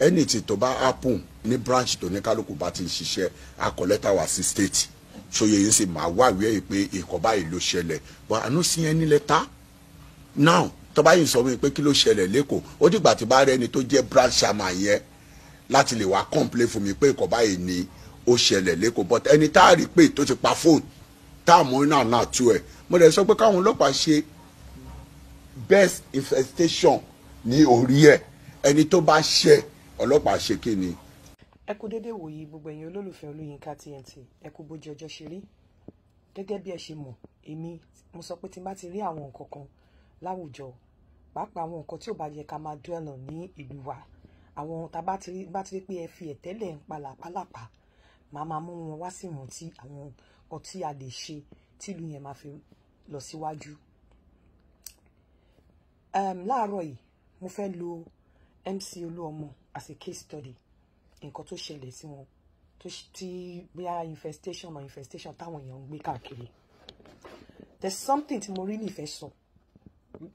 anything tó bá happen ní branch tó ní kálukú bá ti ń ṣiṣẹ́ a kọ lẹ́tà wá sí state ṣòye yìí sì máa wá ìwé pé ìkọ̀ báyìí ló ṣẹlẹ̀ but àánú sí ẹni lẹ́tà now tó bá yìí sọ mi pé kí ló ṣẹlẹ̀ lẹ́kọ̀ọ́ ó dìgbà tí bá rẹ ẹni tó jẹ́ branch chairman yẹn láti lè wá complain fún mi pé ìkọ̀ báyìí ni ó ṣẹlẹ̀ lẹ́kọ̀ọ́ but ẹni tá a rí pé tó ti pa fóònù tá a mọ̀ náà náà tú ẹ̀ mo rẹ̀ sọ pé káwọn ọlọ́pàá ṣe best infestation ní orí ẹ̀ ẹni tó bá ṣẹ̀ ọlọ́pàá ṣe kí ni. ẹ kú dédé wòye gbogbo ẹ̀yin olólùfẹ́ olóyinka TNT ẹ kú bójú ọjọ́ ṣe rí gẹ́gẹ́ bí ẹ ṣe mọ̀ èmi mo sọ pé tí n bá ti rí àwọn nǹkan kan láwùjọ pàápàá àwọn nǹkan tí ò bá yẹ ká máa dúẹ̀nà ní ìlú wa àwọn tá bá ti rí pé ẹ fi ẹ̀tẹ́lẹ̀ ń pa làpálàpá màá máa mú wọn wá sí ìrántí àwọn nǹkan tí a lè ṣe tílu yẹn máa fi lọ síwájú. láàárọ̀ yìí mo fẹ́ lo MC Olúọmọ as a case study nǹkan tó ṣẹlẹ̀ sí wọn tó ti bíá infestation or infestation táwọn èèyàn ń gbé káàkiri there's something tí mo rí nífẹ̀ẹ́ sọ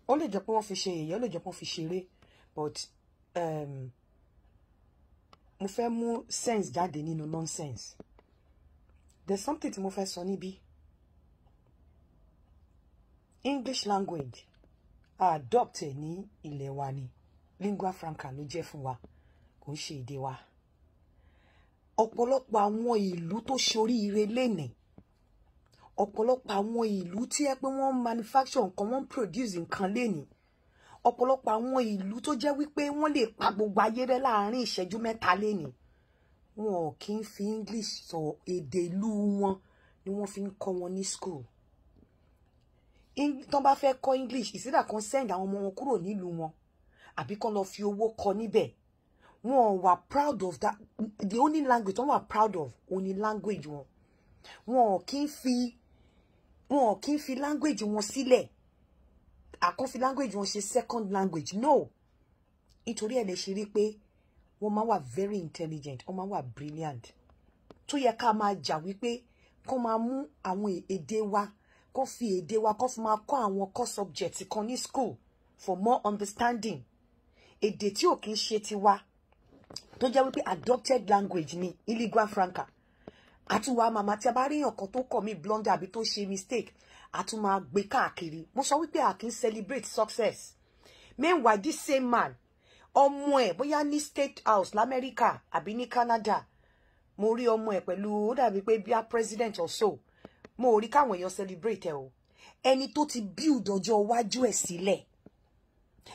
ó lè jẹ́ pé wọ́n fi ṣe èyí ó lè jẹ́ pé wọ́n fi ṣeré but um, mo fẹ́ mú sense jáde nínú nonsense there's something tí mo fẹ́ sọ níbí English language adopted ní ilẹ̀ wa ni lingua franca ló jẹ́ fún wa kò ń ṣe èdè wa ọ̀pọ̀lọpọ̀ àwọn ìlú tó ṣoríire lénìí ọ̀pọ̀lọpọ̀ àwọn ìlú tí ẹ pé wọ́n ń manufacture nǹkan wọ́n ń produce nǹkan lénìí ọ̀pọ̀lọpọ̀ àwọn ìlú tó jẹ́ wípé wọ́n lè pa gbogbo ayé rẹ láàárín ìṣẹ́jú mẹ́ta lénìí wọn ò kí ń fi English sọ èdè ìlú wọn ni wọ́n fi ń kọ́ wọn ní school tán bá fẹ́ kọ́ English ìsídà kan send àwọn ọmọ wọn kúrò nílùú wọn àbí kán lọ fi owó kọ níbẹ̀ wọn wà proud of that the only language wọn wà proud of only language wọn wọn kì í fi wọn kì í fi language wọn sílẹ̀ àkànfi language wọn ṣe second language no nítorí ẹ̀ lè ṣe rí pé wọ́n máa wà very intelligent wọ́n máa wà brilliant tó yẹ ká máa jà wípé kó máa mú àwọn èdè wa kó fi èdè wa kó fi máa kọ́ àwọn core subjects kan ní school for more understanding èdè tí ò kí ń ṣe tiwa tó jẹ́ wípé adopted language ni ilingua franca àtúwà màmá tí a bá rí ọ̀kan tó kọ̀ mí blunder àbí tó ṣe mistake àtún máa gbé káàkiri mo sọ wípé a kì í celebrate success meanwhile this same man ọmọ ẹ̀ bóyá ní state house lamẹ́ríkà àbí ní Canada mo rí ọmọ ẹ̀ pẹ̀lú ó dàbí pé bíá president or so mo rí káwọn èèyàn celebrate ẹ o ẹni tó ti build ọjọ́ iwájú ẹ̀ sílẹ̀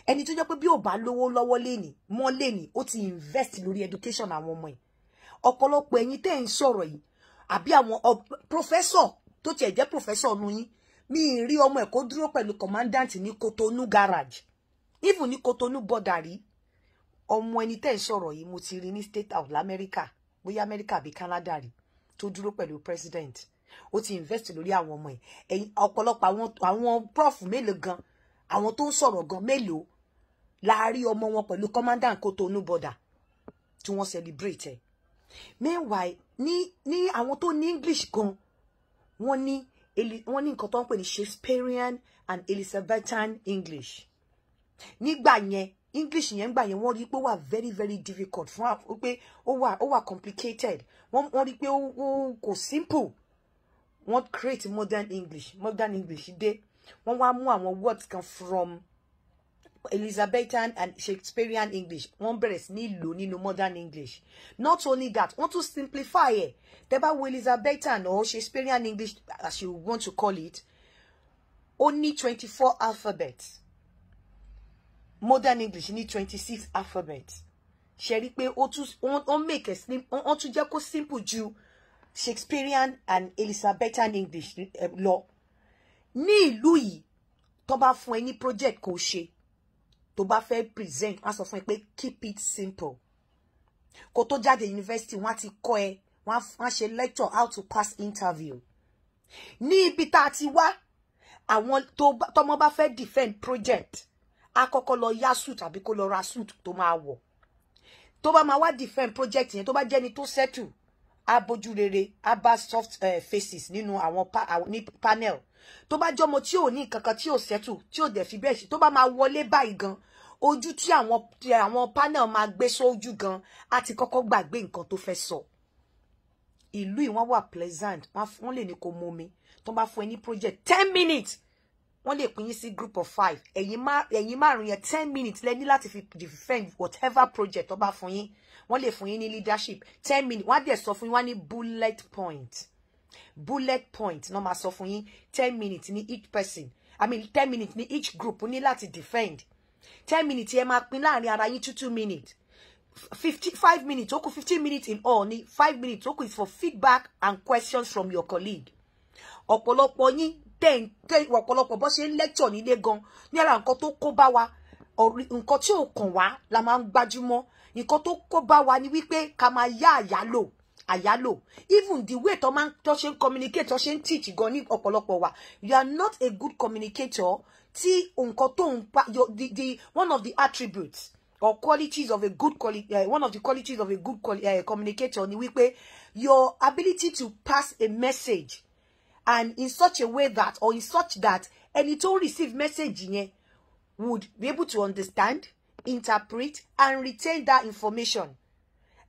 ẹni tó jẹ́ pé bí ò bá lówó lọ́wọ́ lénìí mọ́ lénìí ó ti invest lórí education àwọn ọmọ yìí ọ̀pọ̀lọpọ̀ ẹ̀yin tẹ́ ń sọ̀rọ̀ yìí àbí àwọn professor tó tiẹ̀ jẹ́ professor nu yín mi ì rí ọmọ ẹ̀ kó dúró pẹ̀lú commandant ní Cotonou garage even ní kotonu border rí ọmọ ẹni tẹ́ ń sọ̀rọ̀ yìí mo ti rí ní state of America bóyá America àbí Canada rí tó dúró pẹ̀lú president ó ti invest lórí àwọn ọmọ ẹ̀ ọ̀pọ̀lọpọ̀ àwọn prof mélòó gan-an àwọn tó ń sọ̀rọ̀ gan mélòó láàárín ọmọ wọn pẹ̀lú commandant Kotonu border tí wọ́n celebrate ẹ̀ meanwhile ní ní àwọn tó ní English gan wọ́n ní wọ́n ní nǹkan tó ń pè ní Shakespearean and Elizabethan English nígbà yẹn English yẹn gbà yẹn wọ́n rí pé ó wà very very difficult fún pé ó wà ó wà complicated wọ́n rí pé ó kò simple wọ́n create modern English modern English dé wọ́n wá mú àwọn words kan from Elizabethan and Shakespearean English wọ́n bẹ̀rẹ̀ sí ní lò nínú modern English not only that wọ́n tún simplify ẹ̀ tẹ́ bá wo Elizabethan or Shakespearean English as you want to call it only twenty four alphabet. modern English ní twenty six alphabet. ṣe rí i pé ó tún ó make a simple ó tún jẹ́ kó simple ju Shakespearean and Elizabethan English eh, lọ. Uh, Ni ìlú yìí tó bá fún ẹ project kò ṣe tó bá fẹ́ present aso á sọ keep it simple kó tó jáde yunifásitì wọ́n á ti kọ́ ẹ wọ́n á ṣe lecture how to pass interview ní ibi tá a ti wá àwọn tọmọ bá fẹ́ defend project á kọ́kọ́ lọ suit àbí kó lọ ra suit tó máa wọ̀ tó bá máa wá defend project yẹn tó bá jẹ́ni tó settle abójú rere soft uh, faces nínú àwọn pa, uh, ní panel tó bá jọmọ tí ò ní kankan tí ò sẹ́tù tí ò dẹ̀ fi bẹ́ẹ̀ ṣe tó bá máa wọlé báyìí gan ojú tí àwọn àwọn panel máa gbé sójú gan á ti kọ́kọ́ gbàgbé nǹkan tó fẹ́ sọ ìlú yìí wọ́n wà pleasant wọ́n lè ní kó mú tó bá fún ẹ ní project ten minutes wọ́n lè pín yín sí group of five ẹ̀yin márùn yẹn ten minutes lẹ́ni láti fi defend whatever project tó bá fún yín wọ́n lè fún yín ní leadership ten minutes wọ́n á dẹ̀ sọ fún yín wọ́n á ní bullet point bullet point No máa sọ fún yín ten minutes ni each person i mean ten minutes ni each group ni láti defend ten minutes yẹn máa pín láàrin ara yín two two minutes fifty five minutes Oku kù minutes in all ni five minutes Oku is for feedback and questions from your colleague ọ̀pọ̀lọpọ̀ yín ten ń tẹ̀ ọ̀pọ̀lọpọ̀ bó ṣe ń lecture nílé gan ni ara nǹkan tó kó bá wa nǹkan tí ò kàn wá la máa ń gbájúmọ́ nǹkan tó kó wa ni wípé ká máa yá àyálò àyálò even the way tó máa tó ṣe communicate tó ṣe ń teach gan ní ọ̀pọ̀lọpọ̀ wa you are not a good communicator tí nǹkan tó ń your the the one of the attributes or qualities of a good quali uh, one of the qualities of a good quali uh, communicator ni wípé your ability to pass a message and in such a way that or in such that ẹni tó receive message yẹn would be able to understand interpret and retain that information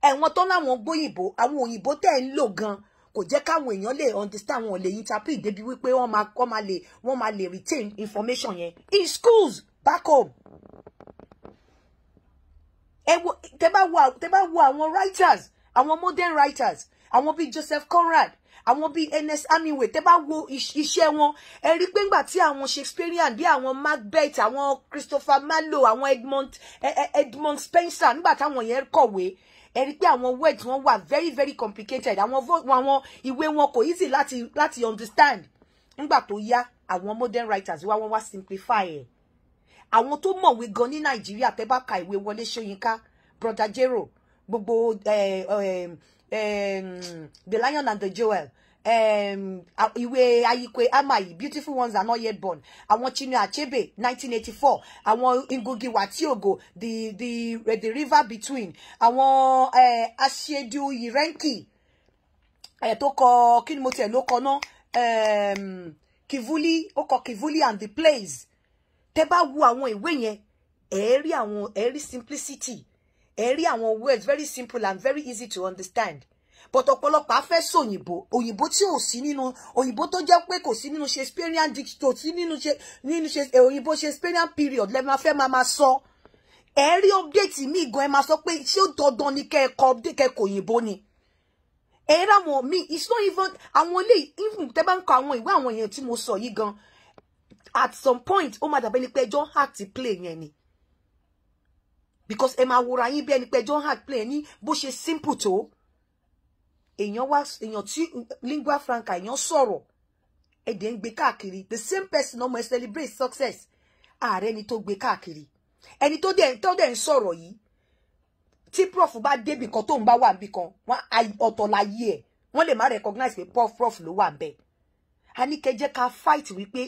ẹ̀wọ̀n tó láwọn gbóyìnbó àwọn òyìnbó tẹ̀ ń lò gan kò jẹ́ káwọn èèyàn lè understand wọn lè interpret débi wípé wọ́n máa wọ́n máa lè wọ́n máa lè retain information yẹn in schools back home. ẹ wo tẹ bá wo tẹ bá wo àwọn writers àwọn modern writers àwọn bíi Joseph Conrad àwọn bíi Ernest Hemingway tẹ bá wo iṣẹ́ wọn ẹ rí pé ńgbà tí àwọn Shakespearean bí àwọn Macbeth àwọn Christopher Marlowe àwọn Edmund Edmund Spencer nígbà táwọn yẹn kọ̀wé ẹ rí i pé àwọn words wọn wà very very complicated àwọn àwọn ìwé wọn kò easy láti láti understand nígbà tó yá àwọn modern writers wá wọ́n wá simplify ẹ̀ àwọn tó mọ̀wé gan ní nàìjíríà tẹ́ bá ka ìwé wọlé ṣóyínká brother jero gbogbo eh, eh, the lion and the jewel um, ìwé ayikwe amayi beautiful ones are not yet born àwọn chinua achebe nineteen eighty four àwọn ngogi watiogo the the red river between àwọn uh, eh, asiedu yirenki uh, eh, tó kọ kí ni mo tiẹ̀ ló kọ ná um, kivuli ó kọ kivuli and the plays tẹ bá wo àwọn ìwé yẹn ẹ rí àwọn ẹ rí simplicity ẹ rí àwọn words very simple and very easy to understand but ọ̀pọ̀lọpọ̀ á fẹ́ sòyìnbó òyìnbó tí ò sí nínú òyìnbó tó jẹ́ pé kò sí nínú shakespearean dicto sí nínú eh, òyìnbó shakespearean period lẹ́ẹ̀ máa fẹ́ máa máa sọ ẹ rí update mi gan ẹ máa sọ pé ṣé ó dandan ni kẹ́ ẹ kọ update kẹ́ ẹ kò òyìnbó ni ẹ rà wọn mi it's not even àwọn ilé even tẹ́ bá ń kọ àwọn ìwé àwọn èèyàn tí mo sọ yìí gan at some point ó máa dàbẹ́ ni pé ẹjọ́ hard to play yẹn ni because ẹ máa wòra yín bí ẹni pé ẹjọ́ hard play yẹn ní bó ṣe simple tó èèyàn wá èèyàn tí lingua franca èèyàn sọ̀rọ̀ ẹ̀dẹ̀ ń gbé káàkiri the same person ọmọ ẹ celebrate success ààrẹ ni tó gbé káàkiri ẹni tó dẹ̀ tó dẹ̀ ń sọ̀rọ̀ yìí tí prof bá débì kan tó ń bá wà níbì kan wọn ọ̀tọ̀ láyé ẹ̀ wọ́n lè má recognize pé prof prof ló wà bẹ́ẹ̀ a ní kẹjẹ́ ká fight wípé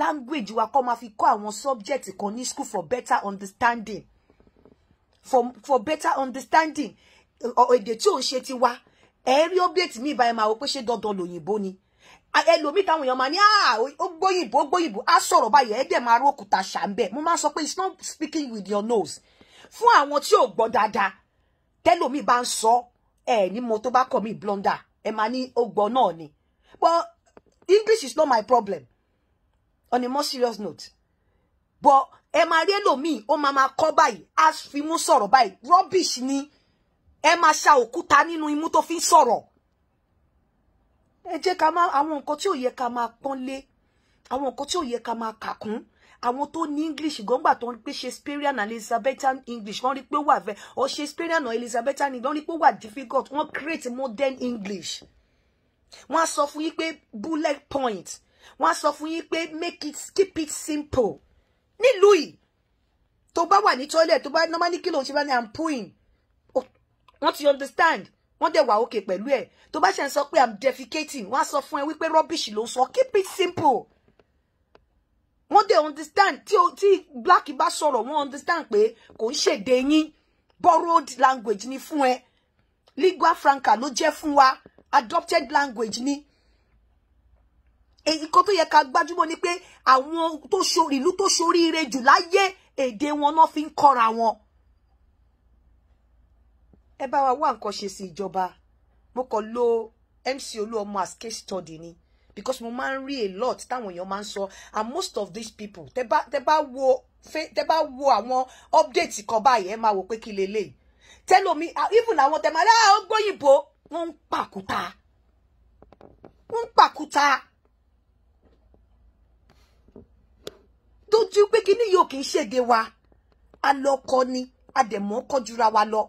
language wa kọ́ máa fi kọ́ àwọn subject kan ní school for better understanding for for better understanding èdè tí ò ń ṣe tiwa ẹ rí update mi ìbáyìí máa wò pé ṣé dandan lòyìnbó ni ẹlòmíì táwọn èèyàn máa ní ah, ó gbóyìnbó gbóyìnbó á sọ̀rọ̀ báyìí ẹ dẹ̀ máa rú òkúta ṣàǹbẹ̀ mo máa sọ pé it's not speaking with your nose fún àwọn tí ò gbọ́ dáadáa tẹ́lòmíì bá ń sọ ẹ ní mo tó bá kọ̀ mí blunder ẹ máa ní ó gbọ́ náà ni but English is not my problem on a more serious note but ẹ máa rí ẹlòmíì ó máa máa kọ́ báyìí á fi mú sọ̀rọ̀ báyìí rubbish ni ẹ máa ṣa òkúta nínú imú tó fi ń sọ̀rọ̀ ẹ jẹ́ ká máa àwọn nǹkan tí ò yẹ ká máa pọ́nlé àwọn nǹkan tí ò yẹ ká máa kàkún àwọn tó english gọ́ngbà tó ń shakespearean elizabethan english wọ́n rí pé ó wà fẹ́ shakespearean elizabethan english wọ́n rí pé difficult wọ́n create modern english wọ́n á sọ fún yín bullet point wọ́n á sọ fún yín make it keep it simple nílùú yìí tó bá wà ní toilet tó bá normally kí ló ń ṣe bá pooing wọ́n ti understand wọ́n dẹ̀ wà òkè pẹ̀lú ẹ̀ tó bá ṣe ń sọ i'm defecating wọ́n á sọ fún ẹ wípé rubbish ló So keep it simple wọ́n dẹ̀ understand tí tí black bá sọ̀rọ̀ wọ́n understand pé kò ń ṣèdè yín borrowed language ni fún ẹ lingua franca ló jẹ́ fún wa adopted language ni èyí kan tó yẹ ká gbájúmọ́ ni pé àwọn tó ṣorí ìlú tó ṣoríire jù láyé èdè wọn náà fi ń kọ́ra wọn ẹ bá wa wá nǹkan ṣe sí ìjọba mo kàn lo MC Olúọmọ as case study ni because mo máa ń rí a lot táwọn èèyàn máa ń sọ and most of these people tẹ bá tẹ bá wo tẹ bá wo àwọn updates kan báyìí ẹ máa wò pé kí leléyìí tẹlomi ah, even àwọn tẹ máa dá ah, ọgbọ́yìnbó wọ́n ń pàkúta wọ́n ń pàkúta dojú pé kíní yóò kì í ṣèdè wa a lọ kọ ni a dẹ̀ mọ́ kọjúra wa lọ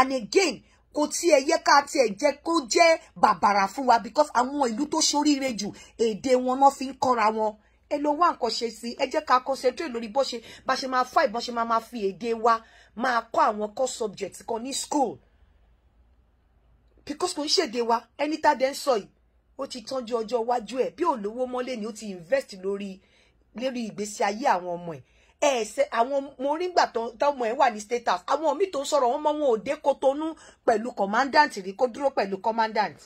and again kò tiẹ̀ yẹ ká tiẹ̀ jẹ́ kó jẹ́ bàbàrà fún wa because àwọn ìlú tó ṣoríire jù èdè wọn náà fi ń kọ́ra wọn ẹ lọ wá nǹkan ṣe sí ẹ jẹ́ ká concentrate lórí bó ṣe bá ṣe máa fà ìbọn ṣe máa máa fi èdè wa máa kọ́ àwọn core subject kan ní school because kò ń ṣèdè wa ẹni tá dẹ́ ń sọ yìí ó ti tọ́jú ọjọ́ iwájú ẹ̀ bí olówó mọ́lé ni ó ti invest lórí lórí ìgbésí ayé àwọn ọmọ ẹ̀ ẹ ṣe àwọn mo rí gbà tọmọ ẹ wà ní status àwọn míì tó sọ̀rọ̀ wọn mọ wọn ò dé Kotonu pẹ̀lú commandant rí kó dúró pẹ̀lú commandant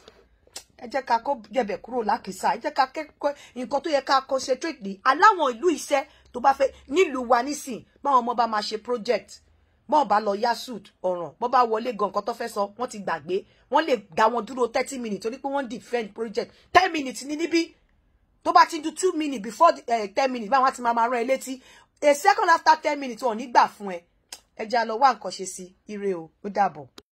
ẹ jẹ́ ká kó jẹ̀bẹ̀ kúrò lákìsà ẹ jẹ́ ká kẹ́kọ̀ọ́ nǹkan tó yẹ ká concentrate ní aláwọn ìlú iṣẹ́ tó bá fẹ́ nílùú wa nísìn báwọn ọmọ bá máa ṣe project bọ́n bá lọ yasud ọ̀ràn bọ́n bá wọlé gan nǹkan tó fẹ́ sọ wọ́n ti gbàgbé wọ́n lè dá wọn dúró thirty minutes torí pé wọ́n defend project ten minutes ní níbí tó bá ti do two minutes before eh, ten minutes báwọn ti máa máa rán ẹ létí a second after ten minutes wọn ò ní gbà fún ẹ ẹ já lọ wá nǹkan ṣe ire o ó dàbọ̀.